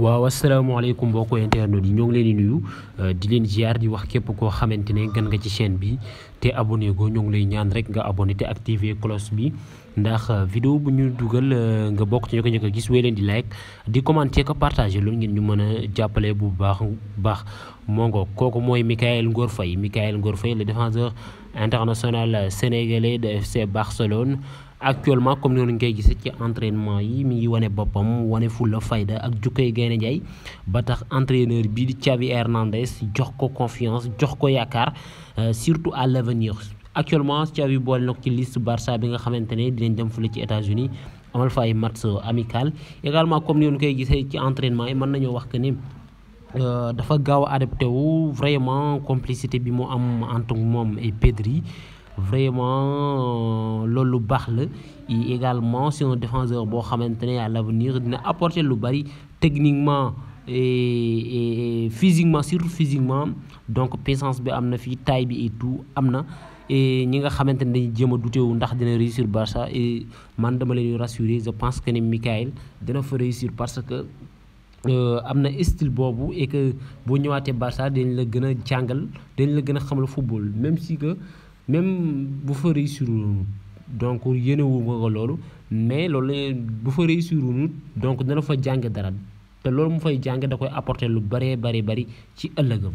wa assalamu alaykum mbokk internet yi ñoo ngi leen di nuyu euh, di leen ziar di wax képp ko xamante gën nga ci chaîne bi té abonné go ñu ngi lay ñaan rek nga abonné té activer cloche bi ndax euh, vidéo bu ñu duggal euh, nga bok ci ñu ko ñi gis wéy leen di like di commenter ko partager lu ngeen ñu mëna jappalé bu baax baax moo ngo kooku mooy Mikayil Ngor fay Mikayil Ngor fay le défenseur international sénégalais de FC Barcelone actuellement comme noonu ngay gisee ci entraînement yi mi ngi bopam boppam fu la fayda ak jukkay Gaynde jay ba tax entraîneur bi di Xavi Hernandez jox ko confiance jox ko yakar euh, surtout à l'avenir actuellement Xavi boole na ci liste Barça bi nga xamantene di dem fu ci États-Unis amal fay ay match euh, amical également comme nous koy gisee ci entraînement yi mën nañoo wax que ni euh, dafa gaaw adapté wu vraiment complicité bi mo am entre mom et Pedri vraiment loolu lu baax la également Si un défenseur boo xamante ne à l'avenir dina apporter lu bari techniquement et physiquement surtout physiquement donc puissance bi am na taille bi et tout am na et ñi nga xamante ne dañu jéem a dutewu ndax dina réussir Barça et man dama leen rassurer je pense que ne Mikayil dina fa réussir parce que euh, am na style boobu et que boo ñëwaatee Barça dañ la gën a jàngal dañ la gën a xamal football même si que même bu fa réussirul donc yéene wu ma ko loolu mais loolu bu fa réussirul donc dana fa jànge dara te loolu mu fay jànge da koy apporter lu baree bari bari ci ëllëgam